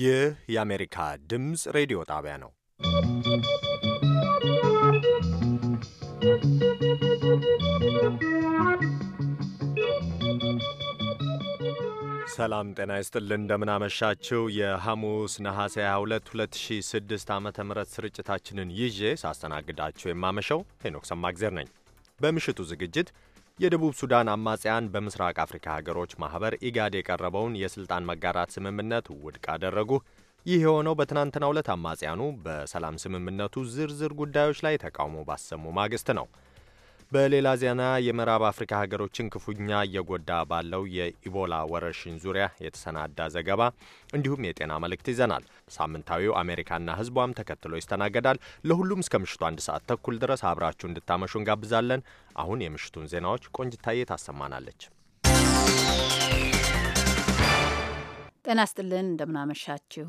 ይህ የአሜሪካ ድምፅ ሬዲዮ ጣቢያ ነው። ሰላም ጤና ይስጥልን። እንደምናመሻችው የሐሙስ ነሐሴ 22 2006 ዓ ም ስርጭታችንን ይዤ ሳስተናግዳችሁ የማመሸው ሄኖክ ሰማግዜር ነኝ። በምሽቱ ዝግጅት የደቡብ ሱዳን አማጽያን በምስራቅ አፍሪካ ሀገሮች ማኅበር ኢጋድ የቀረበውን የሥልጣን መጋራት ስምምነት ውድቅ አደረጉ። ይህ የሆነው በትናንትና ዕለት አማጽያኑ በሰላም ስምምነቱ ዝርዝር ጉዳዮች ላይ ተቃውሞ ባሰሙ ማግስት ነው። በሌላ ዜና የምዕራብ አፍሪካ ሀገሮችን ክፉኛ እየጎዳ ባለው የኢቦላ ወረርሽኝ ዙሪያ የተሰናዳ ዘገባ እንዲሁም የጤና መልእክት ይዘናል። ሳምንታዊው አሜሪካና ሕዝቧም ተከትሎ ይስተናገዳል። ለሁሉም እስከ ምሽቱ አንድ ሰዓት ተኩል ድረስ አብራችሁ እንድታመሹ እንጋብዛለን። አሁን የምሽቱን ዜናዎች ቆንጅታዬ ታሰማናለች። ጤና ስጥልን እንደምናመሻችሁ።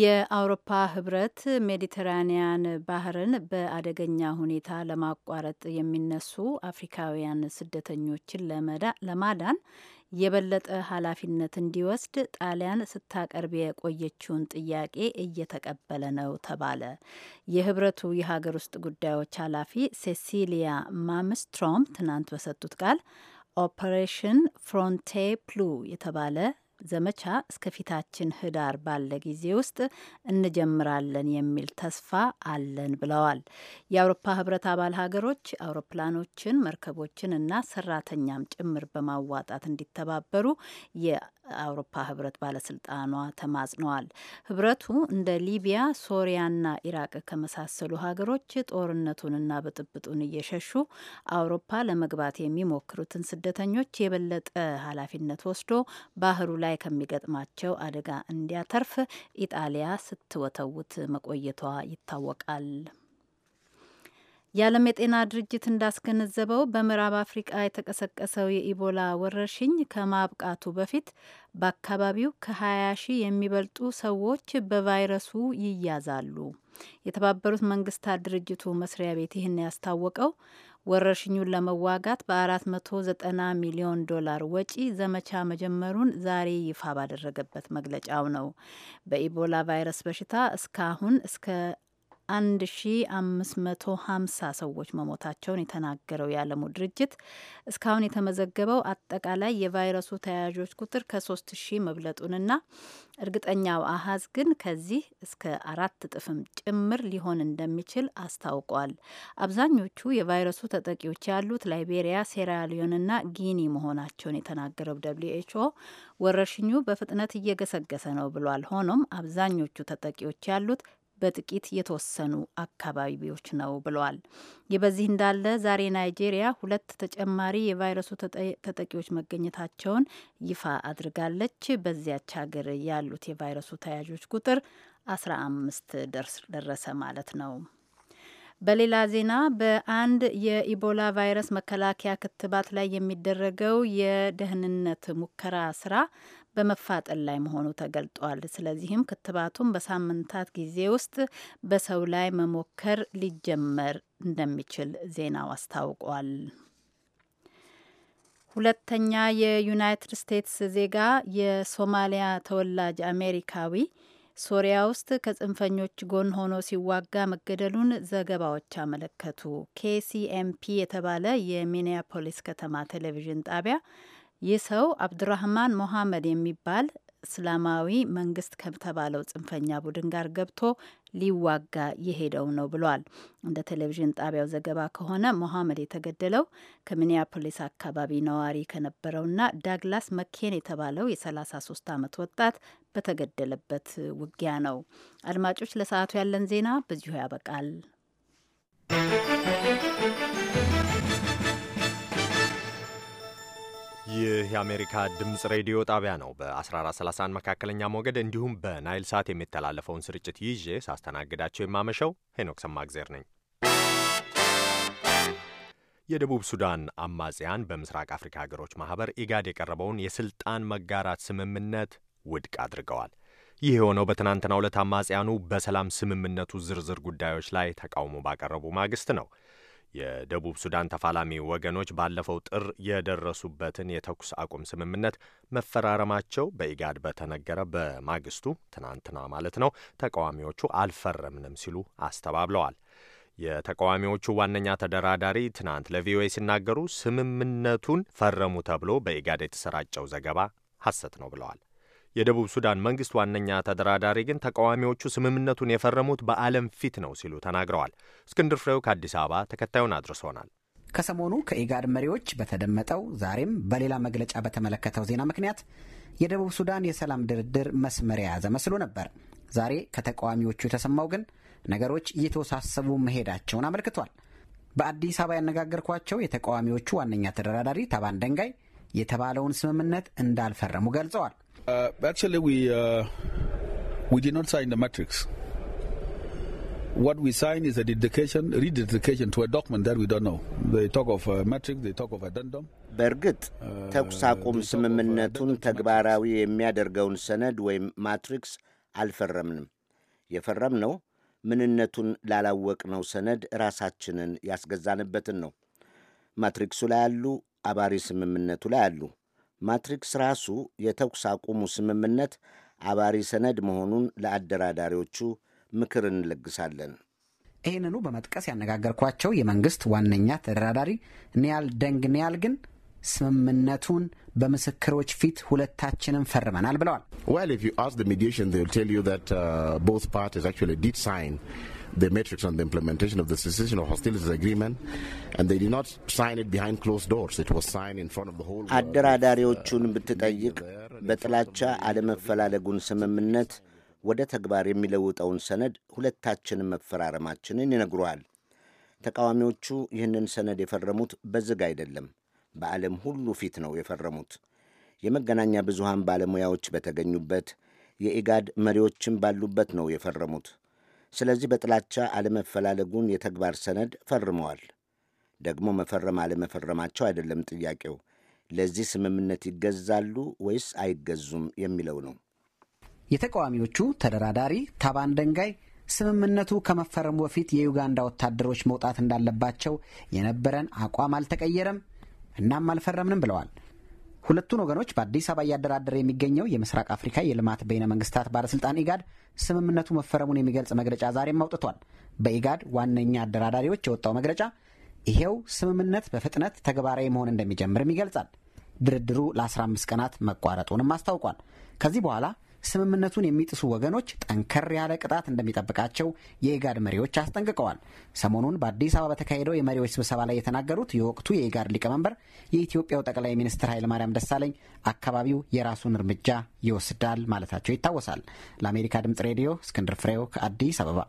የአውሮፓ ህብረት ሜዲተራኒያን ባህርን በአደገኛ ሁኔታ ለማቋረጥ የሚነሱ አፍሪካውያን ስደተኞችን ለማዳን የበለጠ ኃላፊነት እንዲወስድ ጣሊያን ስታቀርብ የቆየችውን ጥያቄ እየተቀበለ ነው ተባለ። የህብረቱ የሀገር ውስጥ ጉዳዮች ኃላፊ ሴሲሊያ ማምስትሮም ትናንት በሰጡት ቃል ኦፐሬሽን ፍሮንቴ ፕሉ የተባለ ዘመቻ እስከፊታችን ህዳር ባለ ጊዜ ውስጥ እንጀምራለን የሚል ተስፋ አለን ብለዋል። የአውሮፓ ህብረት አባል ሀገሮች አውሮፕላኖችን፣ መርከቦችን እና ሰራተኛም ጭምር በማዋጣት እንዲተባበሩ አውሮፓ ህብረት ባለስልጣኗ ተማጽነዋል። ህብረቱ እንደ ሊቢያ፣ ሶሪያና ኢራቅ ከመሳሰሉ ሀገሮች ጦርነቱንና ብጥብጡን እየሸሹ አውሮፓ ለመግባት የሚሞክሩትን ስደተኞች የበለጠ ኃላፊነት ወስዶ ባህሩ ላይ ከሚገጥማቸው አደጋ እንዲያተርፍ ኢጣሊያ ስትወተውት መቆየቷ ይታወቃል። የዓለም የጤና ድርጅት እንዳስገነዘበው በምዕራብ አፍሪቃ የተቀሰቀሰው የኢቦላ ወረርሽኝ ከማብቃቱ በፊት በአካባቢው ከ20 ሺህ የሚበልጡ ሰዎች በቫይረሱ ይያዛሉ። የተባበሩት መንግስታት ድርጅቱ መስሪያ ቤት ይህን ያስታወቀው ወረርሽኙን ለመዋጋት በ490 ሚሊዮን ዶላር ወጪ ዘመቻ መጀመሩን ዛሬ ይፋ ባደረገበት መግለጫው ነው። በኢቦላ ቫይረስ በሽታ እስካሁን እስከ 1550 ሰዎች መሞታቸውን የተናገረው የዓለሙ ድርጅት እስካሁን የተመዘገበው አጠቃላይ የቫይረሱ ተያያዦች ቁጥር ከ 3000 ሺህ መብለጡንና እርግጠኛው አሀዝ ግን ከዚህ እስከ አራት እጥፍም ጭምር ሊሆን እንደሚችል አስታውቋል። አብዛኞቹ የቫይረሱ ተጠቂዎች ያሉት ላይቤሪያ፣ ሴራሊዮንና ጊኒ መሆናቸውን የተናገረው ደብሊው ኤች ኦ ወረርሽኙ በፍጥነት እየገሰገሰ ነው ብሏል። ሆኖም አብዛኞቹ ተጠቂዎች ያሉት በጥቂት የተወሰኑ አካባቢዎች ነው ብለዋል። ይህ በዚህ እንዳለ ዛሬ ናይጄሪያ ሁለት ተጨማሪ የቫይረሱ ተጠቂዎች መገኘታቸውን ይፋ አድርጋለች። በዚያች ሀገር ያሉት የቫይረሱ ተያዦች ቁጥር 15 ደረሰ ማለት ነው። በሌላ ዜና በአንድ የኢቦላ ቫይረስ መከላከያ ክትባት ላይ የሚደረገው የደህንነት ሙከራ ስራ በመፋጠን ላይ መሆኑ ተገልጧል። ስለዚህም ክትባቱን በሳምንታት ጊዜ ውስጥ በሰው ላይ መሞከር ሊጀመር እንደሚችል ዜናው አስታውቋል። ሁለተኛ የዩናይትድ ስቴትስ ዜጋ የሶማሊያ ተወላጅ አሜሪካዊ ሶሪያ ውስጥ ከጽንፈኞች ጎን ሆኖ ሲዋጋ መገደሉን ዘገባዎች አመለከቱ። ኬሲኤምፒ የተባለ የሚኒያፖሊስ ከተማ ቴሌቪዥን ጣቢያ ይህ ሰው አብዱራህማን ሞሐመድ የሚባል እስላማዊ መንግስት ከተባለው ጽንፈኛ ቡድን ጋር ገብቶ ሊዋጋ የሄደው ነው ብሏል። እንደ ቴሌቪዥን ጣቢያው ዘገባ ከሆነ ሞሐመድ የተገደለው ከሚኒያፖሊስ አካባቢ ነዋሪ ከነበረውና ዳግላስ መኬን የተባለው የ33 ዓመት ወጣት በተገደለበት ውጊያ ነው። አድማጮች፣ ለሰዓቱ ያለን ዜና በዚሁ ያበቃል። ይህ የአሜሪካ ድምፅ ሬዲዮ ጣቢያ ነው። በ1431 መካከለኛ ሞገድ እንዲሁም በናይል ሳት የሚተላለፈውን ስርጭት ይዤ ሳስተናግዳቸው የማመሸው ሄኖክ ሰማግዜር ነኝ። የደቡብ ሱዳን አማጽያን በምስራቅ አፍሪካ ሀገሮች ማህበር ኢጋድ የቀረበውን የስልጣን መጋራት ስምምነት ውድቅ አድርገዋል። ይህ የሆነው በትናንትናው ዕለት አማጽያኑ በሰላም ስምምነቱ ዝርዝር ጉዳዮች ላይ ተቃውሞ ባቀረቡ ማግስት ነው። የደቡብ ሱዳን ተፋላሚ ወገኖች ባለፈው ጥር የደረሱበትን የተኩስ አቁም ስምምነት መፈራረማቸው በኢጋድ በተነገረ በማግስቱ ትናንትና ማለት ነው ተቃዋሚዎቹ አልፈረምንም ሲሉ አስተባብለዋል። የተቃዋሚዎቹ ዋነኛ ተደራዳሪ ትናንት ለቪኦኤ ሲናገሩ ስምምነቱን ፈረሙ ተብሎ በኢጋድ የተሰራጨው ዘገባ ሐሰት ነው ብለዋል። የደቡብ ሱዳን መንግስት ዋነኛ ተደራዳሪ ግን ተቃዋሚዎቹ ስምምነቱን የፈረሙት በዓለም ፊት ነው ሲሉ ተናግረዋል። እስክንድር ፍሬው ከአዲስ አበባ ተከታዩን አድርሶናል። ከሰሞኑ ከኢጋድ መሪዎች በተደመጠው ዛሬም በሌላ መግለጫ በተመለከተው ዜና ምክንያት የደቡብ ሱዳን የሰላም ድርድር መስመር የያዘ መስሎ ነበር። ዛሬ ከተቃዋሚዎቹ የተሰማው ግን ነገሮች እየተወሳሰቡ መሄዳቸውን አመልክቷል። በአዲስ አበባ ያነጋገርኳቸው የተቃዋሚዎቹ ዋነኛ ተደራዳሪ ታባን ደንጋይ የተባለውን ስምምነት እንዳልፈረሙ ገልጸዋል። Uh, actually, we uh, we did not sign the matrix. What we signed is a dedication, rededication to a document that we don't know. They talk of a matrix, they talk of addendum. በእርግጥ ተኩስ አቁም ስምምነቱን ተግባራዊ የሚያደርገውን ሰነድ ወይም ማትሪክስ አልፈረምንም። የፈረምነው ምንነቱን ላላወቅነው ሰነድ ራሳችንን ያስገዛንበትን ነው። ማትሪክሱ ላይ አሉ፣ አባሪ ስምምነቱ ላይ አሉ። ማትሪክስ ራሱ የተኩስ አቁሙ ስምምነት አባሪ ሰነድ መሆኑን ለአደራዳሪዎቹ ምክር እንለግሳለን። ይህንኑ በመጥቀስ ያነጋገርኳቸው የመንግስት ዋነኛ ተደራዳሪ ኒያል ደንግ ኒያል ግን ስምምነቱን በምስክሮች ፊት ሁለታችንም ፈርመናል ብለዋል። the metrics on the implementation of the cessation of hostilities agreement, and they did not sign it behind closed doors. It was signed in front of the whole. አደራዳሪዎቹን uh, ብትጠይቅ በጥላቻ አለመፈላለጉን ስምምነት ወደ ተግባር የሚለውጠውን ሰነድ ሁለታችንም መፈራረማችንን ይነግሯል። ተቃዋሚዎቹ ይህንን ሰነድ የፈረሙት በዝግ አይደለም፣ በዓለም ሁሉ ፊት ነው የፈረሙት። የመገናኛ ብዙሃን ባለሙያዎች በተገኙበት የኢጋድ መሪዎችም ባሉበት ነው የፈረሙት። ስለዚህ በጥላቻ አለመፈላለጉን የተግባር ሰነድ ፈርመዋል። ደግሞ መፈረም አለመፈረማቸው አይደለም ጥያቄው፣ ለዚህ ስምምነት ይገዛሉ ወይስ አይገዙም የሚለው ነው። የተቃዋሚዎቹ ተደራዳሪ ታባን ደንጋይ ስምምነቱ ከመፈረሙ በፊት የዩጋንዳ ወታደሮች መውጣት እንዳለባቸው የነበረን አቋም አልተቀየረም፣ እናም አልፈረምንም ብለዋል። ሁለቱን ወገኖች በአዲስ አበባ እያደራደረ የሚገኘው የምስራቅ አፍሪካ የልማት በይነ መንግስታት ባለስልጣን ኢጋድ ስምምነቱ መፈረሙን የሚገልጽ መግለጫ ዛሬም አውጥቷል። በኢጋድ ዋነኛ አደራዳሪዎች የወጣው መግለጫ ይሄው ስምምነት በፍጥነት ተግባራዊ መሆን እንደሚጀምርም ይገልጻል። ድርድሩ ለ15 ቀናት መቋረጡንም አስታውቋል። ከዚህ በኋላ ስምምነቱን የሚጥሱ ወገኖች ጠንከር ያለ ቅጣት እንደሚጠብቃቸው የኢጋድ መሪዎች አስጠንቅቀዋል። ሰሞኑን በአዲስ አበባ በተካሄደው የመሪዎች ስብሰባ ላይ የተናገሩት የወቅቱ የኢጋድ ሊቀመንበር የኢትዮጵያው ጠቅላይ ሚኒስትር ኃይለማርያም ደሳለኝ አካባቢው የራሱን እርምጃ ይወስዳል ማለታቸው ይታወሳል። ለአሜሪካ ድምጽ ሬዲዮ እስክንድር ፍሬው ከአዲስ አበባ።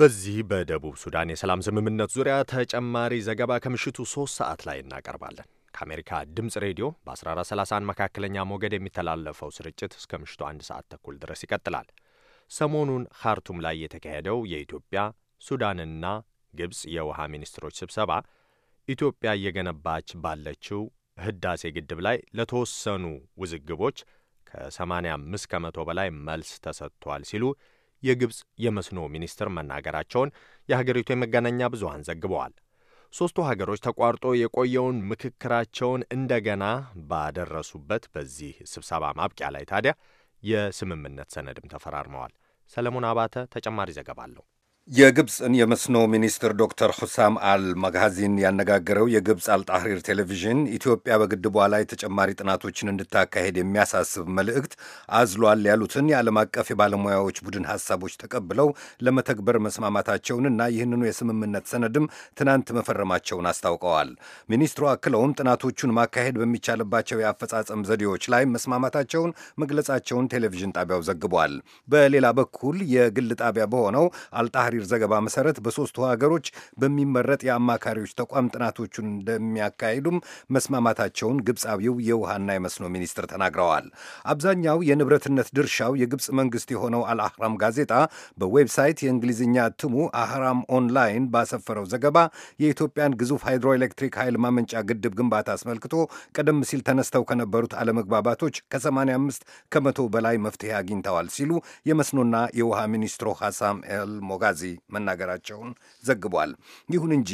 በዚህ በደቡብ ሱዳን የሰላም ስምምነት ዙሪያ ተጨማሪ ዘገባ ከምሽቱ ሶስት ሰዓት ላይ እናቀርባለን። ከአሜሪካ ድምፅ ሬዲዮ በ1431 መካከለኛ ሞገድ የሚተላለፈው ስርጭት እስከ ምሽቱ አንድ ሰዓት ተኩል ድረስ ይቀጥላል። ሰሞኑን ካርቱም ላይ የተካሄደው የኢትዮጵያ ሱዳንና ግብፅ የውሃ ሚኒስትሮች ስብሰባ ኢትዮጵያ እየገነባች ባለችው ህዳሴ ግድብ ላይ ለተወሰኑ ውዝግቦች ከ85 ከመቶ በላይ መልስ ተሰጥቷል ሲሉ የግብፅ የመስኖ ሚኒስትር መናገራቸውን የሀገሪቱ የመገናኛ ብዙሃን ዘግበዋል። ሦስቱ ሀገሮች ተቋርጦ የቆየውን ምክክራቸውን እንደገና ባደረሱበት በዚህ ስብሰባ ማብቂያ ላይ ታዲያ የስምምነት ሰነድም ተፈራርመዋል። ሰለሞን አባተ ተጨማሪ ዘገባ አለው። የግብፅን የመስኖ ሚኒስትር ዶክተር ሁሳም አል መጋዚን ያነጋገረው የግብፅ አልጣህሪር ቴሌቪዥን ኢትዮጵያ በግድቧ ላይ ተጨማሪ ጥናቶችን እንድታካሄድ የሚያሳስብ መልእክት አዝሏል ያሉትን የዓለም አቀፍ የባለሙያዎች ቡድን ሐሳቦች ተቀብለው ለመተግበር መስማማታቸውንና ይህንኑ የስምምነት ሰነድም ትናንት መፈረማቸውን አስታውቀዋል። ሚኒስትሩ አክለውም ጥናቶቹን ማካሄድ በሚቻልባቸው የአፈጻጸም ዘዴዎች ላይ መስማማታቸውን መግለጻቸውን ቴሌቪዥን ጣቢያው ዘግቧል። በሌላ በኩል የግል ጣቢያ በሆነው አልጣህሪ በሐሪር ዘገባ መሰረት በሦስቱ ሀገሮች በሚመረጥ የአማካሪዎች ተቋም ጥናቶቹን እንደሚያካሂዱም መስማማታቸውን ግብፃዊው የውሃና የመስኖ ሚኒስትር ተናግረዋል። አብዛኛው የንብረትነት ድርሻው የግብፅ መንግስት የሆነው አልአህራም ጋዜጣ በዌብሳይት የእንግሊዝኛ እትሙ አህራም ኦንላይን ባሰፈረው ዘገባ የኢትዮጵያን ግዙፍ ሃይድሮኤሌክትሪክ ኃይል ማመንጫ ግድብ ግንባታ አስመልክቶ ቀደም ሲል ተነስተው ከነበሩት አለመግባባቶች ከ85 ከመቶ በላይ መፍትሄ አግኝተዋል ሲሉ የመስኖና የውሃ ሚኒስትሩ ሐሳም ኤል ሞጋዚ ጋርዚ መናገራቸውን ዘግቧል። ይሁን እንጂ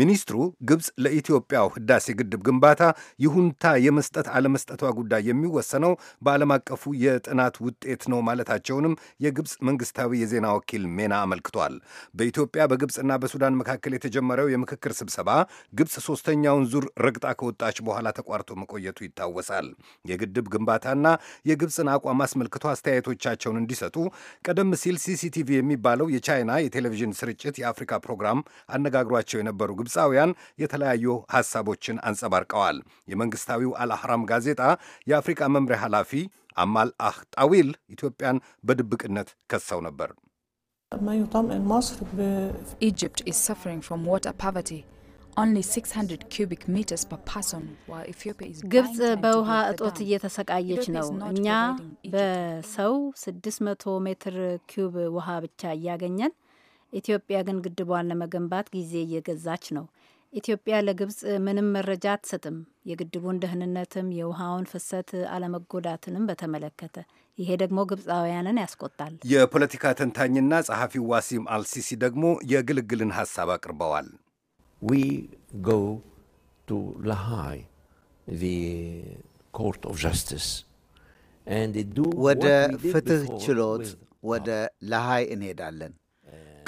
ሚኒስትሩ ግብፅ ለኢትዮጵያው ህዳሴ ግድብ ግንባታ ይሁንታ የመስጠት አለመስጠቷ ጉዳይ የሚወሰነው በዓለም አቀፉ የጥናት ውጤት ነው ማለታቸውንም የግብፅ መንግስታዊ የዜና ወኪል ሜና አመልክቷል። በኢትዮጵያ በግብፅና በሱዳን መካከል የተጀመረው የምክክር ስብሰባ ግብፅ ሶስተኛውን ዙር ረግጣ ከወጣች በኋላ ተቋርጦ መቆየቱ ይታወሳል። የግድብ ግንባታና የግብፅን አቋም አስመልክቶ አስተያየቶቻቸውን እንዲሰጡ ቀደም ሲል ሲሲቲቪ የሚባለው የቻይና የቴሌቪዥን ስርጭት የአፍሪካ ፕሮግራም አነጋግሯቸው የነበሩ ግብፃውያን የተለያዩ ሐሳቦችን አንጸባርቀዋል። የመንግሥታዊው አልአህራም ጋዜጣ የአፍሪካ መምሪያ ኃላፊ አማል አህ ጣዊል ኢትዮጵያን በድብቅነት ከሰው ነበር። ኢጅፕት ኢዝ ሰፈሪንግ ፍሮም ዋተር ፖቨርቲ ግብጽ በውሃ እጦት እየተሰቃየች ነው። እኛ በሰው 600 ሜትር ኪዩብ ውሃ ብቻ እያገኘን ኢትዮጵያ ግን ግድቧን ለመገንባት ጊዜ እየገዛች ነው። ኢትዮጵያ ለግብጽ ምንም መረጃ አትሰጥም፣ የግድቡን ደህንነትም የውሃውን ፍሰት አለመጎዳትንም በተመለከተ። ይሄ ደግሞ ግብፃውያንን ያስቆጣል። የፖለቲካ ተንታኝና ጸሐፊ ዋሲም አልሲሲ ደግሞ የግልግልን ሀሳብ አቅርበዋል። ዊ ጎ ቱ ኮርት ኦፍ ጃስቲስ ወደ ፍትህ ችሎት ወደ ለሀይ እንሄዳለን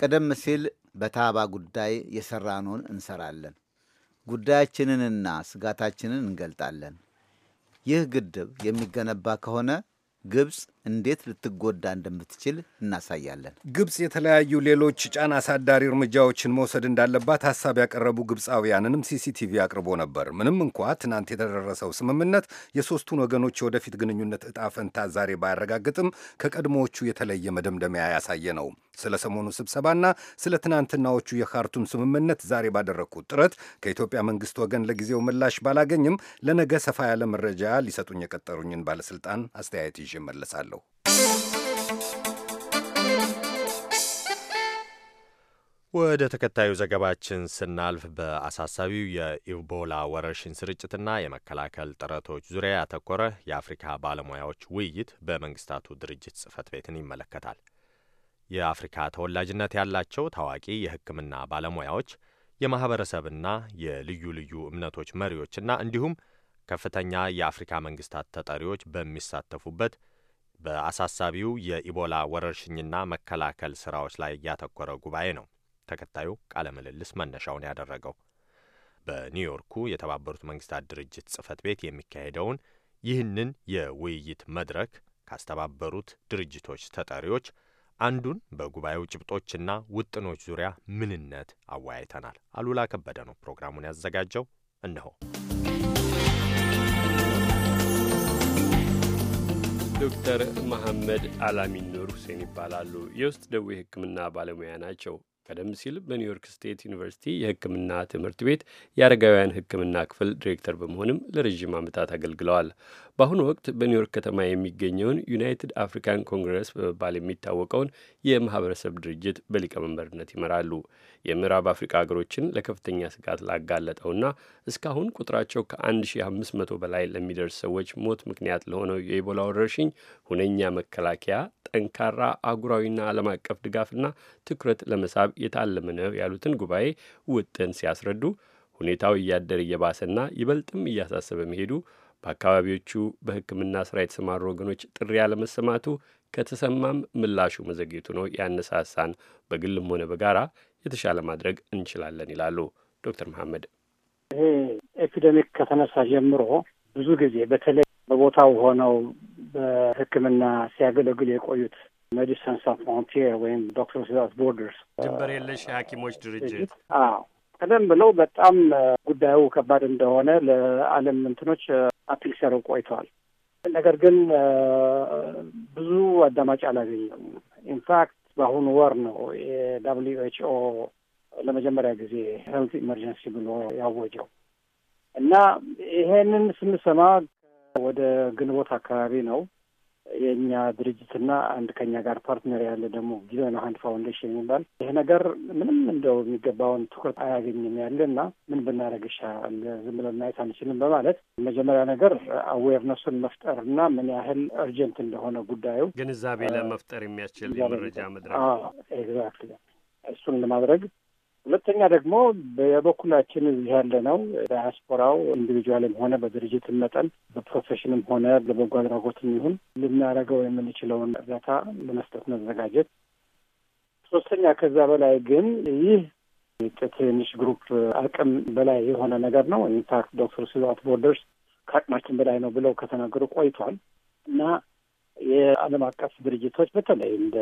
ቀደም ሲል በታባ ጉዳይ የሰራነውን እንሰራለን። ጉዳያችንንና ስጋታችንን እንገልጣለን። ይህ ግድብ የሚገነባ ከሆነ ግብፅ እንዴት ልትጎዳ እንደምትችል እናሳያለን። ግብፅ የተለያዩ ሌሎች ጫና አሳዳሪ እርምጃዎችን መውሰድ እንዳለባት ሀሳብ ያቀረቡ ግብፃውያንንም ሲሲቲቪ አቅርቦ ነበር። ምንም እንኳ ትናንት የተደረሰው ስምምነት የሶስቱን ወገኖች የወደፊት ግንኙነት እጣ ፈንታ ዛሬ ባያረጋግጥም ከቀድሞዎቹ የተለየ መደምደሚያ ያሳየ ነው። ስለ ሰሞኑ ስብሰባና ስለ ትናንትናዎቹ የካርቱም ስምምነት ዛሬ ባደረግኩት ጥረት ከኢትዮጵያ መንግስት ወገን ለጊዜው ምላሽ ባላገኝም ለነገ ሰፋ ያለ መረጃ ሊሰጡኝ የቀጠሩኝን ባለስልጣን አስተያየት ይዤ መለሳለሁ። ነው። ወደ ተከታዩ ዘገባችን ስናልፍ በአሳሳቢው የኢቦላ ወረርሽኝ ስርጭትና የመከላከል ጥረቶች ዙሪያ ያተኮረ የአፍሪካ ባለሙያዎች ውይይት በመንግስታቱ ድርጅት ጽህፈት ቤትን ይመለከታል። የአፍሪካ ተወላጅነት ያላቸው ታዋቂ የሕክምና ባለሙያዎች የማህበረሰብና የልዩ ልዩ እምነቶች መሪዎችና እንዲሁም ከፍተኛ የአፍሪካ መንግስታት ተጠሪዎች በሚሳተፉበት በአሳሳቢው የኢቦላ ወረርሽኝና መከላከል ስራዎች ላይ ያተኮረ ጉባኤ ነው። ተከታዩ ቃለ ምልልስ መነሻውን ያደረገው በኒውዮርኩ የተባበሩት መንግስታት ድርጅት ጽህፈት ቤት የሚካሄደውን ይህንን የውይይት መድረክ ካስተባበሩት ድርጅቶች ተጠሪዎች አንዱን በጉባኤው ጭብጦችና ውጥኖች ዙሪያ ምንነት አወያይተናል። አሉላ ከበደ ነው ፕሮግራሙን ያዘጋጀው። እነሆ ዶክተር መሐመድ አላሚኑር ሁሴን ይባላሉ። የውስጥ ደዌ ሕክምና ባለሙያ ናቸው። ቀደም ሲል በኒውዮርክ ስቴት ዩኒቨርሲቲ የሕክምና ትምህርት ቤት የአረጋውያን ሕክምና ክፍል ዲሬክተር በመሆንም ለረዥም ዓመታት አገልግለዋል። በአሁኑ ወቅት በኒውዮርክ ከተማ የሚገኘውን ዩናይትድ አፍሪካን ኮንግረስ በመባል የሚታወቀውን የማህበረሰብ ድርጅት በሊቀመንበርነት ይመራሉ። የምዕራብ አፍሪካ ሀገሮችን ለከፍተኛ ስጋት ላጋለጠውና እስካሁን ቁጥራቸው ከ1500 በላይ ለሚደርስ ሰዎች ሞት ምክንያት ለሆነው የኢቦላ ወረርሽኝ ሁነኛ መከላከያ ጠንካራ አጉራዊና ዓለም አቀፍ ድጋፍና ትኩረት ለመሳብ የታለመ ነው ያሉትን ጉባኤ ውጥን ሲያስረዱ ሁኔታው እያደር እየባሰና ይበልጥም እያሳሰበ መሄዱ በአካባቢዎቹ በሕክምና ስራ የተሰማሩ ወገኖች ጥሪ አለመሰማቱ ከተሰማም ምላሹ መዘግየቱ ነው ያነሳሳን። በግልም ሆነ በጋራ የተሻለ ማድረግ እንችላለን ይላሉ ዶክተር መሐመድ። ይሄ ኤፒደሚክ ከተነሳ ጀምሮ ብዙ ጊዜ በተለይ በቦታው ሆነው በሕክምና ሲያገለግሉ የቆዩት ሜዲሲን ሳን ፍሮንቲር ወይም ዶክተርስ ዊዛውት ቦርደርስ ድንበር የለሽ የሐኪሞች ድርጅት አዎ ቀደም ብለው በጣም ጉዳዩ ከባድ እንደሆነ ለዓለም እንትኖች አፒል ሲያደርጉ ቆይተዋል። ነገር ግን ብዙ አዳማጭ አላገኘም። ኢንፋክት በአሁኑ ወር ነው የዳብሊዩ ኤች ኦ ለመጀመሪያ ጊዜ ሄልት ኢመርጀንሲ ብሎ ያወጀው እና ይሄንን ስንሰማ ወደ ግንቦት አካባቢ ነው የእኛ ድርጅትና አንድ ከኛ ጋር ፓርትነር ያለ ደግሞ ጊዜን ሀንድ ፋውንዴሽን የሚባል ይህ ነገር ምንም እንደው የሚገባውን ትኩረት አያገኝም ያለ እና ምን ብናደርግ ይሻላል ዝም ብለን ማየት አንችልም በማለት መጀመሪያ ነገር አዌርነሱን መፍጠር እና ምን ያህል እርጀንት እንደሆነ ጉዳዩ ግንዛቤ ለመፍጠር የሚያስችል የመረጃ መድረክ ኤግዛክት እሱን ለማድረግ ሁለተኛ ደግሞ በበኩላችን እዚህ ያለ ነው ዳያስፖራው ኢንዲቪጁዋልም ሆነ በድርጅትም መጠን በፕሮፌሽንም ሆነ ለበጎ አድራጎትም ይሁን ልናደርገው የምንችለውን እርዳታ ለመስጠት መዘጋጀት። ሶስተኛ ከዛ በላይ ግን ይህ ከትንሽ ግሩፕ አቅም በላይ የሆነ ነገር ነው። ኢንፋክት ዶክተር ስዛት ቦርደርስ ከአቅማችን በላይ ነው ብለው ከተናገሩ ቆይቷል እና የዓለም አቀፍ ድርጅቶች በተለይ እንደ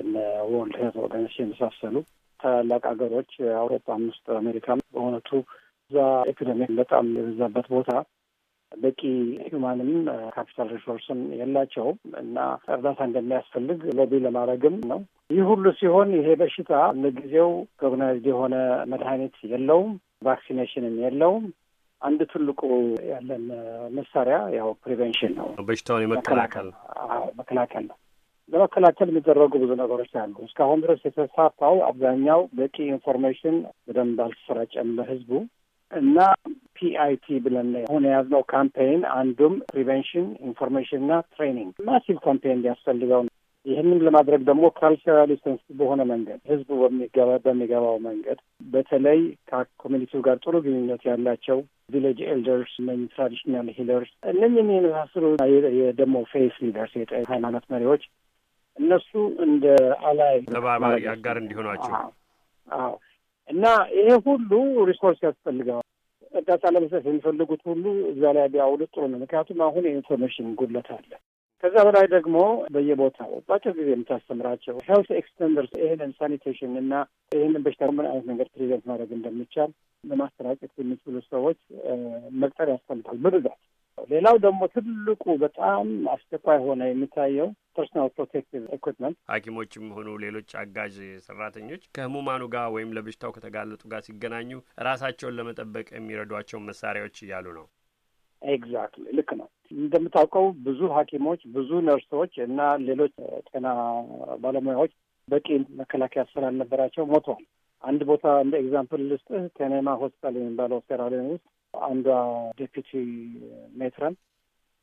ወርልድ ሄልዝ የመሳሰሉ ታላላቅ ሀገሮች አውሮፓም ውስጥ አሜሪካም በእውነቱ እዛ ኤፒደሚክ በጣም የበዛበት ቦታ በቂ ሂውማንም ካፒታል ሪሶርስም የላቸውም እና እርዳታ እንደሚያስፈልግ ሎቢ ለማድረግም ነው። ይህ ሁሉ ሲሆን ይሄ በሽታ ለጊዜው ኦርጋናይዝድ የሆነ መድኃኒት የለውም፣ ቫክሲኔሽንም የለውም። አንድ ትልቁ ያለን መሳሪያ ያው ፕሪቬንሽን ነው፣ በሽታውን የመከላከል መከላከል ነው። ለመከላከል የሚደረጉ ብዙ ነገሮች አሉ። እስካሁን ድረስ የተሳፋው አብዛኛው በቂ ኢንፎርሜሽን በደንብ አልተሰራጨም ለህዝቡ እና ፒአይቲ ብለን አሁን የያዝነው ካምፔይን አንዱም ፕሪቨንሽን ኢንፎርሜሽንና ትሬኒንግ ማሲቭ ካምፔይን ሊያስፈልገው ነው። ለማድረግ ደግሞ ካልቸራሊ ሴንሲቲቭ በሆነ መንገድ ህዝቡ በሚገባው መንገድ በተለይ ከኮሚኒቲው ጋር ጥሩ ግንኙነት ያላቸው ቪሌጅ ኤልደርስ እነ ትራዲሽናል ሂለርስ እነኝን የመሳሰሉ ደግሞ ፌስ ሊደርስ የሃይማኖት መሪዎች እነሱ እንደ አላይ ተባባሪ አጋር እንዲሆናቸው አዎ። እና ይሄ ሁሉ ሪሶርስ ያስፈልገዋል። እርዳታ ለመስጠት የሚፈልጉት ሁሉ እዛ ላይ ቢያውሉ ጥሩ ነው። ምክንያቱም አሁን የኢንፎርሜሽን ጉድለት አለ። ከዛ በላይ ደግሞ በየቦታው በአጭር ጊዜ የምታስተምራቸው ሄልት ኤክስቴንደርስ ይህንን ሳኒቴሽን እና ይህንን በሽታ ምን አይነት ነገር ፕሪቨንት ማድረግ እንደሚቻል ለማስተራጨት የሚችሉ ሰዎች መቅጠር ያስፈልጋል በብዛት ሌላው ደግሞ ትልቁ በጣም አስቸኳይ ሆነ የሚታየው ፐርሶናል ፕሮቴክቲቭ ኤኩፕመንት ሐኪሞችም ሆኑ ሌሎች አጋዥ ሰራተኞች ከህሙማኑ ጋር ወይም ለበሽታው ከተጋለጡ ጋር ሲገናኙ ራሳቸውን ለመጠበቅ የሚረዷቸውን መሳሪያዎች እያሉ ነው። ኤግዛክትሊ ልክ ነው። እንደምታውቀው ብዙ ሐኪሞች ብዙ ነርሶች እና ሌሎች ጤና ባለሙያዎች በቂ መከላከያ ስላልነበራቸው ሞተዋል። አንድ ቦታ እንደ ኤግዛምፕል ልስጥህ። ከኔማ ሆስፒታል የሚባለው ሴራሊዮን ውስጥ አንዷ ዴፒቲ ሜትረን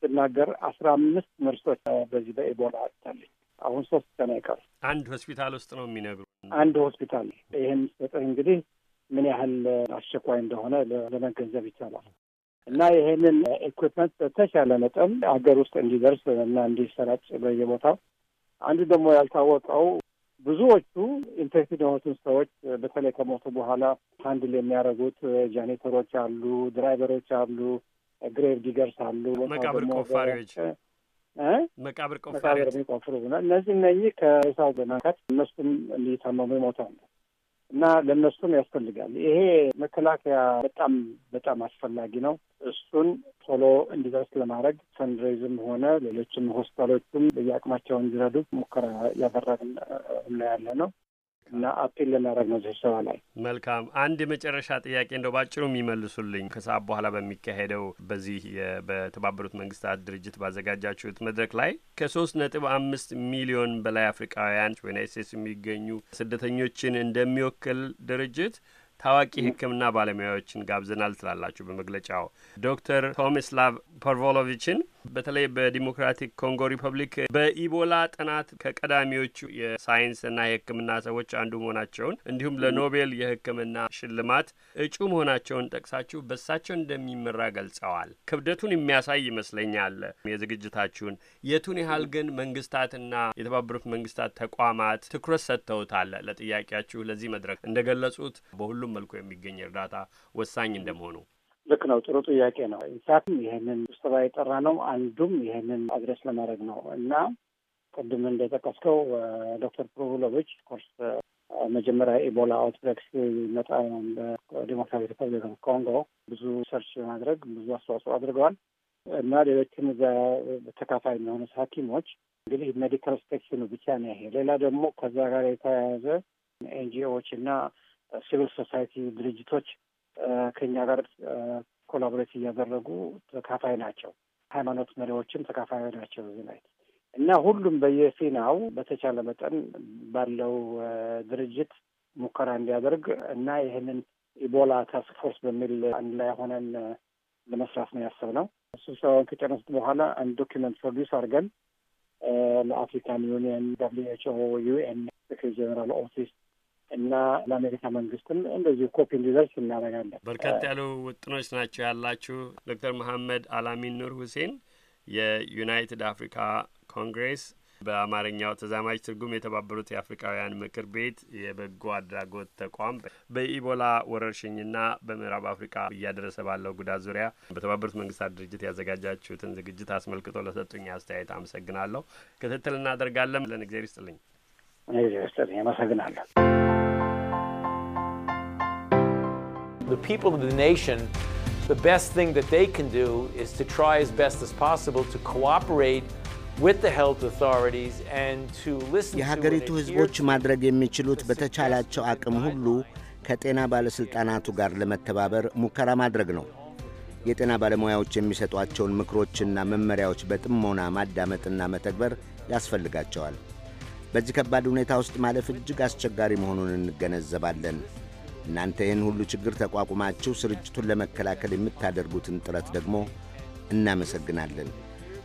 ስናገር አስራ አምስት ምርቶች በዚህ በኢቦላ አጥታለች። አሁን ሶስት ቀን አይቀሩ አንድ ሆስፒታል ውስጥ ነው የሚነግሩ አንድ ሆስፒታል ይህን ስጠህ እንግዲህ ምን ያህል አስቸኳይ እንደሆነ ለመገንዘብ ይቻላል። እና ይህንን ኤኩፕመንት በተሻለ መጠን ሀገር ውስጥ እንዲደርስ እና እንዲሰራጭ በየቦታው አንዱ ደግሞ ያልታወቀው ብዙዎቹ ኢንፌክትድ የሆኑትን ሰዎች በተለይ ከሞቱ በኋላ ሀንድል የሚያደርጉት ጃኔተሮች አሉ፣ ድራይቨሮች አሉ፣ ግሬቭ ዲገርስ አሉ፣ መቃብር ቆፋሪዎች መቃብር ቆፋሪ የሚቆፍሩ እነዚህ እነዚህ ከሰው በመንካት እነሱም እንዲታመሙ ይሞታሉ። እና ለእነሱም ያስፈልጋል። ይሄ መከላከያ በጣም በጣም አስፈላጊ ነው። እሱን ቶሎ እንዲደርስ ለማድረግ ፈንድሬዝም ሆነ ሌሎችም ሆስፒታሎችም በየአቅማቸው እንዲረዱ ሙከራ ያደረግን ያለ ነው። እና አፒል ለማድረግ ነው ስብሰባ ላይ። መልካም አንድ የመጨረሻ ጥያቄ እንደው ባጭሩ የሚመልሱልኝ ከሰዓት በኋላ በሚካሄደው በዚህ በተባበሩት መንግስታት ድርጅት ባዘጋጃችሁት መድረክ ላይ ከሶስት ነጥብ አምስት ሚሊዮን በላይ አፍሪካውያን በዩናይት ስቴትስ የሚገኙ ስደተኞችን እንደሚወክል ድርጅት ታዋቂ ሕክምና ባለሙያዎችን ጋብዘናል ትላላችሁ በመግለጫው ዶክተር ቶሚስላቭ ፐርቮሎቪችን በተለይ በዲሞክራቲክ ኮንጎ ሪፐብሊክ በኢቦላ ጥናት ከቀዳሚዎቹ የሳይንስና የሕክምና ሰዎች አንዱ መሆናቸውን እንዲሁም ለኖቤል የሕክምና ሽልማት እጩ መሆናቸውን ጠቅሳችሁ በሳቸው እንደሚመራ ገልጸዋል። ክብደቱን የሚያሳይ ይመስለኛል የዝግጅታችሁን። የቱን ያህል ግን መንግስታትና የተባበሩት መንግስታት ተቋማት ትኩረት ሰጥተውታል? ለጥያቄያችሁ ለዚህ መድረክ እንደገለጹት በሁሉም መልኩ የሚገኝ እርዳታ ወሳኝ እንደመሆኑ ልክ ነው። ጥሩ ጥያቄ ነው። ኢንፋክት ይህንን ስብሰባ የጠራ ነው አንዱም ይህንን አድሬስ ለማድረግ ነው እና ቅድም እንደጠቀስከው ዶክተር ፕሮቡሎቪች ኮርስ መጀመሪያ ኢቦላ አውትብሬክ ሲመጣ በዲሞክራቲክ ሪፐብሊክ ኮንጎ ብዙ ሰርች ማድረግ ብዙ አስተዋጽኦ አድርገዋል እና ሌሎችም እዛ ተካፋይ የሚሆኑት ሐኪሞች እንግዲህ ሜዲካል ስፔክሽኑ ብቻ ነው ይሄ። ሌላ ደግሞ ከዛ ጋር የተያያዘ ኤንጂኦዎች እና ሲቪል ሶሳይቲ ድርጅቶች ከኛ ጋር ኮላቦሬት እያደረጉ ተካፋይ ናቸው። ሃይማኖት መሪዎችም ተካፋይ ናቸው እዚህ ላይ እና ሁሉም በየፊናው በተቻለ መጠን ባለው ድርጅት ሙከራ እንዲያደርግ እና ይህንን ኢቦላ ታስክ ፎርስ በሚል አንድ ላይ ሆነን ለመስራት ነው ያሰብነው። ስብሰባውን ከጨረስን በኋላ አንድ ዶኪመንት ፕሮዲውስ አድርገን ለአፍሪካን ዩኒየን፣ ደብሊው ኤች ኦ፣ ዩኤን፣ ሴክሬታሪ ጀነራል ኦፊስ እና ለአሜሪካ መንግስትም እንደዚሁ ኮፒ እንዲደርስ እናደርጋለን። በርካታ ያሉ ውጥኖች ናቸው ያላችሁ። ዶክተር መሐመድ አላሚን ኑር ሁሴን የዩናይትድ አፍሪካ ኮንግሬስ በአማርኛው ተዛማጅ ትርጉም የተባበሩት የአፍሪካውያን ምክር ቤት የበጎ አድራጎት ተቋም በኢቦላ ወረርሽኝና በምዕራብ አፍሪካ እያደረሰ ባለው ጉዳት ዙሪያ በተባበሩት መንግስታት ድርጅት ያዘጋጃችሁትን ዝግጅት አስመልክቶ ለሰጡኝ አስተያየት አመሰግናለሁ። ክትትል እናደርጋለን። ለንግዜር ይስጥልኝ። ይስጥልኝ። አመሰግናለሁ። the people of the nation, the best thing that they can do is to try as best as possible to cooperate የሀገሪቱ ህዝቦች ማድረግ የሚችሉት በተቻላቸው አቅም ሁሉ ከጤና ባለሥልጣናቱ ጋር ለመተባበር ሙከራ ማድረግ ነው። የጤና ባለሙያዎች የሚሰጧቸውን ምክሮችና መመሪያዎች በጥሞና ማዳመጥና መተግበር ያስፈልጋቸዋል። በዚህ ከባድ ሁኔታ ውስጥ ማለፍ እጅግ አስቸጋሪ መሆኑን እንገነዘባለን። እናንተ ይህን ሁሉ ችግር ተቋቁማችሁ ስርጭቱን ለመከላከል የምታደርጉትን ጥረት ደግሞ እናመሰግናለን።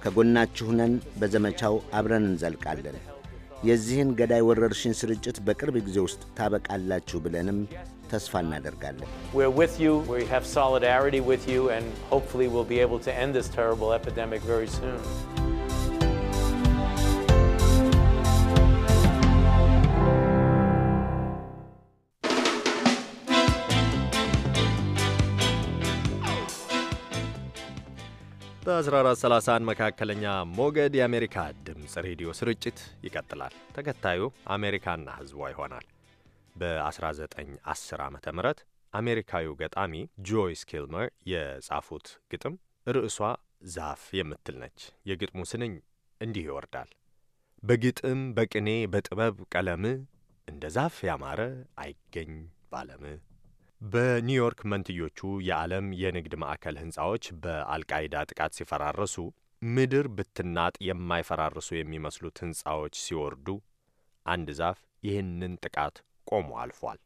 ከጎናችሁ ነን። በዘመቻው አብረን እንዘልቃለን። የዚህን ገዳይ ወረርሽኝ ስርጭት በቅርብ ጊዜ ውስጥ ታበቃላችሁ ብለንም ተስፋ እናደርጋለን። ሶ በ1431 መካከለኛ ሞገድ የአሜሪካ ድምፅ ሬዲዮ ስርጭት ይቀጥላል። ተከታዩ አሜሪካና ሕዝቧ ይሆናል። በ1910 ዓ ም አሜሪካዊው ገጣሚ ጆይስ ኪልመር የጻፉት ግጥም ርዕሷ ዛፍ የምትል ነች። የግጥሙ ስንኝ እንዲህ ይወርዳል። በግጥም በቅኔ በጥበብ ቀለም እንደ ዛፍ ያማረ አይገኝ ባለም በኒውዮርክ መንትዮቹ የዓለም የንግድ ማዕከል ህንፃዎች በአልቃይዳ ጥቃት ሲፈራረሱ ምድር ብትናጥ የማይፈራርሱ የሚመስሉት ህንፃዎች ሲወርዱ አንድ ዛፍ ይህንን ጥቃት ቆሞ አልፏል።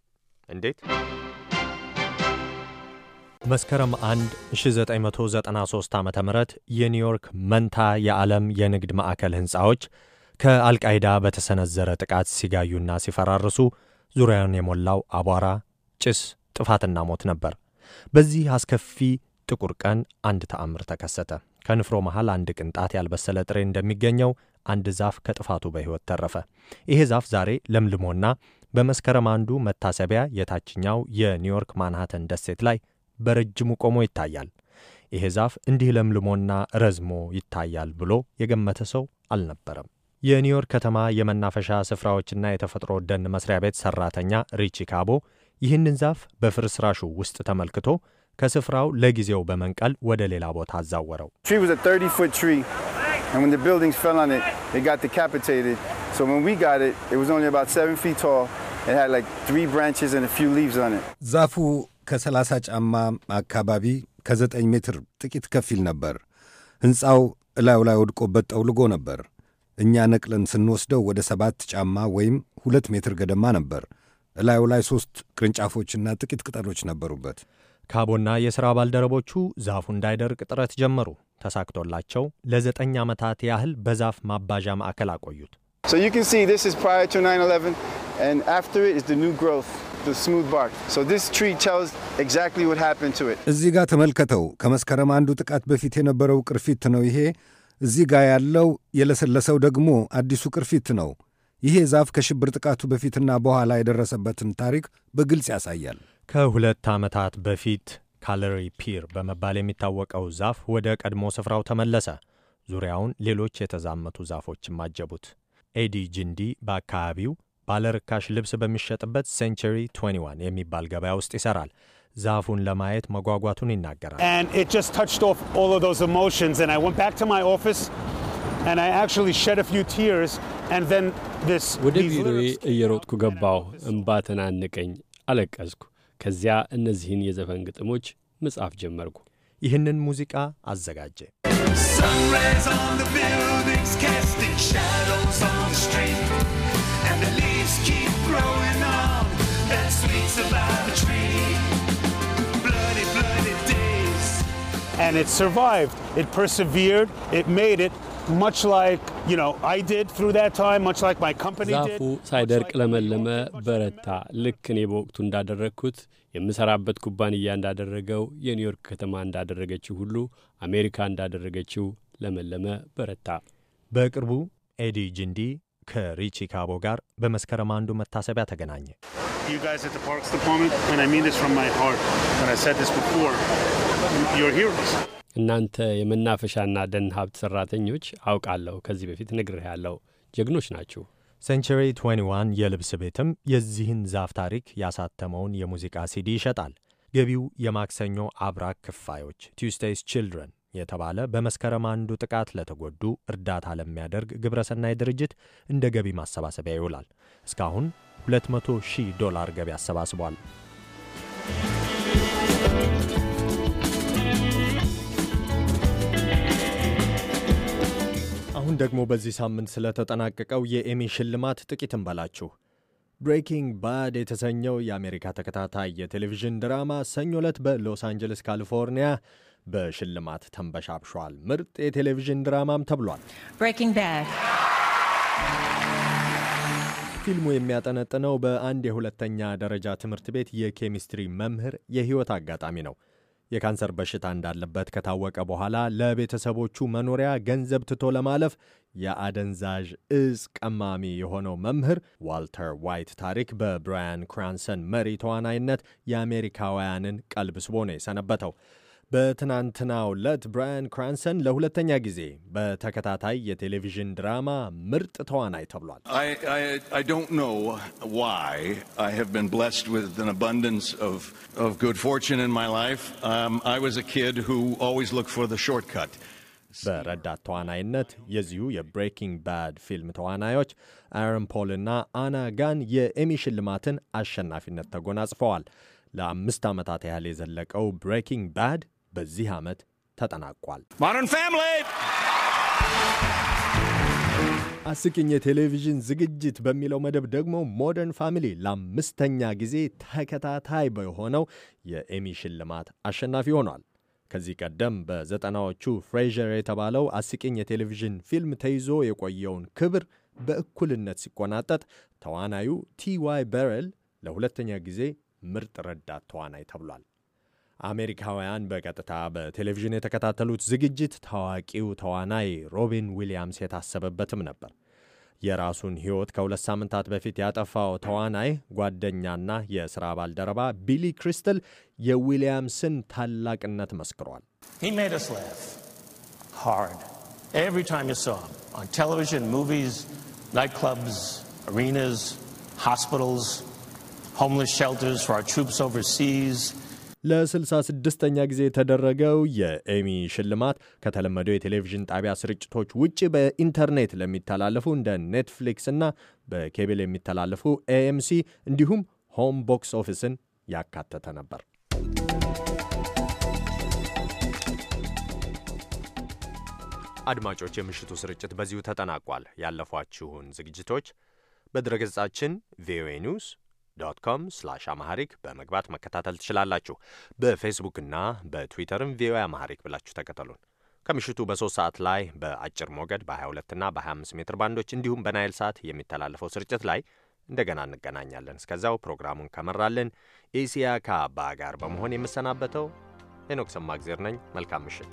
እንዴት? መስከረም 1 1993 ዓ ም የኒውዮርክ መንታ የዓለም የንግድ ማዕከል ህንፃዎች ከአልቃይዳ በተሰነዘረ ጥቃት ሲጋዩና ሲፈራርሱ ዙሪያውን የሞላው አቧራ፣ ጭስ ጥፋትና ሞት ነበር። በዚህ አስከፊ ጥቁር ቀን አንድ ተአምር ተከሰተ። ከንፍሮ መሃል አንድ ቅንጣት ያልበሰለ ጥሬ እንደሚገኘው አንድ ዛፍ ከጥፋቱ በሕይወት ተረፈ። ይሄ ዛፍ ዛሬ ለምልሞና በመስከረም አንዱ መታሰቢያ የታችኛው የኒውዮርክ ማንሃተን ደሴት ላይ በረጅሙ ቆሞ ይታያል። ይሄ ዛፍ እንዲህ ለምልሞና ረዝሞ ይታያል ብሎ የገመተ ሰው አልነበረም። የኒውዮርክ ከተማ የመናፈሻ ስፍራዎችና የተፈጥሮ ደን መስሪያ ቤት ሰራተኛ ሪቺ ካቦ ይህንን ዛፍ በፍርስራሹ ውስጥ ተመልክቶ ከስፍራው ለጊዜው በመንቀል ወደ ሌላ ቦታ አዛወረው። ዛፉ ከ30 ጫማ አካባቢ ከ9 ሜትር ጥቂት ከፊል ነበር። ሕንፃው እላዩ ላይ ወድቆበት ጠውልጎ ነበር። እኛ ነቅለን ስንወስደው ወደ ሰባት ጫማ ወይም ሁለት ሜትር ገደማ ነበር። እላዩ ላይ ሦስት ቅርንጫፎችና ጥቂት ቅጠሎች ነበሩበት። ካቦና የሥራ ባልደረቦቹ ዛፉ እንዳይደርቅ ጥረት ጀመሩ። ተሳክቶላቸው ለዘጠኝ ዓመታት ያህል በዛፍ ማባዣ ማዕከል አቆዩት። እዚህ ጋር ተመልከተው። ከመስከረም አንዱ ጥቃት በፊት የነበረው ቅርፊት ነው ይሄ። እዚህ ጋር ያለው የለሰለሰው ደግሞ አዲሱ ቅርፊት ነው። ይሄ ዛፍ ከሽብር ጥቃቱ በፊትና በኋላ የደረሰበትን ታሪክ በግልጽ ያሳያል። ከሁለት ዓመታት በፊት ካለሪ ፒር በመባል የሚታወቀው ዛፍ ወደ ቀድሞ ስፍራው ተመለሰ። ዙሪያውን ሌሎች የተዛመቱ ዛፎችም አጀቡት። ኤዲ ጅንዲ በአካባቢው ባለርካሽ ልብስ በሚሸጥበት ሴንቸሪ 21 የሚባል ገበያ ውስጥ ይሠራል። ዛፉን ለማየት መጓጓቱን ይናገራል። ወደ ቢሮዬ እየሮጥኩ ገባሁ። እምባ ተናነቀኝ፣ አለቀስኩ። ከዚያ እነዚህን የዘፈን ግጥሞች መጻፍ ጀመርኩ። ይህንን ሙዚቃ አዘጋጀ። And it survived. It persevered. It made it. ዛፉ ሳይደርቅ ለመለመ፣ በረታ። ልክ እኔ በወቅቱ እንዳደረግኩት የምሰራበት ኩባንያ እንዳደረገው የኒውዮርክ ከተማ እንዳደረገችው ሁሉ አሜሪካ እንዳደረገችው ለመለመ፣ በረታ። በቅርቡ ኤዲ ጅንዲ ከሪቺ ካቦ ጋር በመስከረም አንዱ መታሰቢያ ተገናኘ። እናንተ የመናፈሻና ደን ሀብት ሰራተኞች አውቃለሁ፣ ከዚህ በፊት ንግርህ ያለው ጀግኖች ናችሁ። ሴንቸሪ 21 የልብስ ቤትም የዚህን ዛፍ ታሪክ ያሳተመውን የሙዚቃ ሲዲ ይሸጣል። ገቢው የማክሰኞ አብራክ ክፋዮች ቱስዴይስ ችልድረን የተባለ በመስከረም አንዱ ጥቃት ለተጎዱ እርዳታ ለሚያደርግ ግብረሰናይ ድርጅት እንደ ገቢ ማሰባሰቢያ ይውላል። እስካሁን 200 ሺህ ዶላር ገቢ አሰባስቧል። አሁን ደግሞ በዚህ ሳምንት ስለተጠናቀቀው የኤሚ ሽልማት ጥቂት እንበላችሁ። ብሬኪንግ ባድ የተሰኘው የአሜሪካ ተከታታይ የቴሌቪዥን ድራማ ሰኞ ዕለት በሎስ አንጀለስ ካሊፎርኒያ በሽልማት ተንበሻብሿል። ምርጥ የቴሌቪዥን ድራማም ተብሏል። ብሬኪንግ ባድ ፊልሙ የሚያጠነጥነው በአንድ የሁለተኛ ደረጃ ትምህርት ቤት የኬሚስትሪ መምህር የሕይወት አጋጣሚ ነው። የካንሰር በሽታ እንዳለበት ከታወቀ በኋላ ለቤተሰቦቹ መኖሪያ ገንዘብ ትቶ ለማለፍ የአደንዛዥ እጽ ቀማሚ የሆነው መምህር ዋልተር ዋይት ታሪክ በብራያን ክራንሰን መሪ ተዋናይነት የአሜሪካውያንን ቀልብ ስቦ ነው የሰነበተው። በትናንትናው ዕለት ብራያን ክራንሰን ለሁለተኛ ጊዜ በተከታታይ የቴሌቪዥን ድራማ ምርጥ ተዋናይ ተብሏል። um, በረዳት ተዋናይነት የዚሁ የብሬኪንግ ባድ ፊልም ተዋናዮች አረን ፖል እና አና ጋን የኤሚ ሽልማትን አሸናፊነት ተጎናጽፈዋል። ለአምስት ዓመታት ያህል የዘለቀው ብሬኪንግ ባድ በዚህ ዓመት ተጠናቋል። አስቂኝ የቴሌቪዥን ዝግጅት በሚለው መደብ ደግሞ ሞደርን ፋሚሊ ለአምስተኛ ጊዜ ተከታታይ በሆነው የኤሚ ሽልማት አሸናፊ ሆኗል። ከዚህ ቀደም በዘጠናዎቹ ፍሬዥር የተባለው አስቂኝ የቴሌቪዥን ፊልም ተይዞ የቆየውን ክብር በእኩልነት ሲቆናጠጥ ተዋናዩ ቲዋይ በረል ለሁለተኛ ጊዜ ምርጥ ረዳት ተዋናይ ተብሏል። አሜሪካውያን በቀጥታ በቴሌቪዥን የተከታተሉት ዝግጅት ታዋቂው ተዋናይ ሮቢን ዊሊያምስ የታሰበበትም ነበር። የራሱን ሕይወት ከሁለት ሳምንታት በፊት ያጠፋው ተዋናይ ጓደኛና የሥራ ባልደረባ ቢሊ ክሪስትል የዊሊያምስን ታላቅነት መስክሯል። ሆምለስ ሸልተርስ ፎር ትሩፕስ ኦቨርሲዝ ለ66ኛ ጊዜ የተደረገው የኤሚ ሽልማት ከተለመደው የቴሌቪዥን ጣቢያ ስርጭቶች ውጭ በኢንተርኔት ለሚተላለፉ እንደ ኔትፍሊክስ እና በኬብል የሚተላለፉ ኤኤምሲ እንዲሁም ሆም ቦክስ ኦፊስን ያካተተ ነበር። አድማጮች፣ የምሽቱ ስርጭት በዚሁ ተጠናቋል። ያለፏችሁን ዝግጅቶች በድረገጻችን ቪኦኤ ኒውስ ዶት ኮም ስላሽ አማሐሪክ በመግባት መከታተል ትችላላችሁ። በፌስቡክና በትዊተርም ቪኦኤ አማሐሪክ ብላችሁ ተከተሉን። ከምሽቱ በሶስት ሰዓት ላይ በአጭር ሞገድ በ22ና በ25 ሜትር ባንዶች እንዲሁም በናይል ሳት የሚተላለፈው ስርጭት ላይ እንደገና እንገናኛለን። እስከዛው ፕሮግራሙን ከመራልን ኢሲያ ከአባ ጋር በመሆን የምሰናበተው ሄኖክ ሰማግዜር ነኝ። መልካም ምሽት።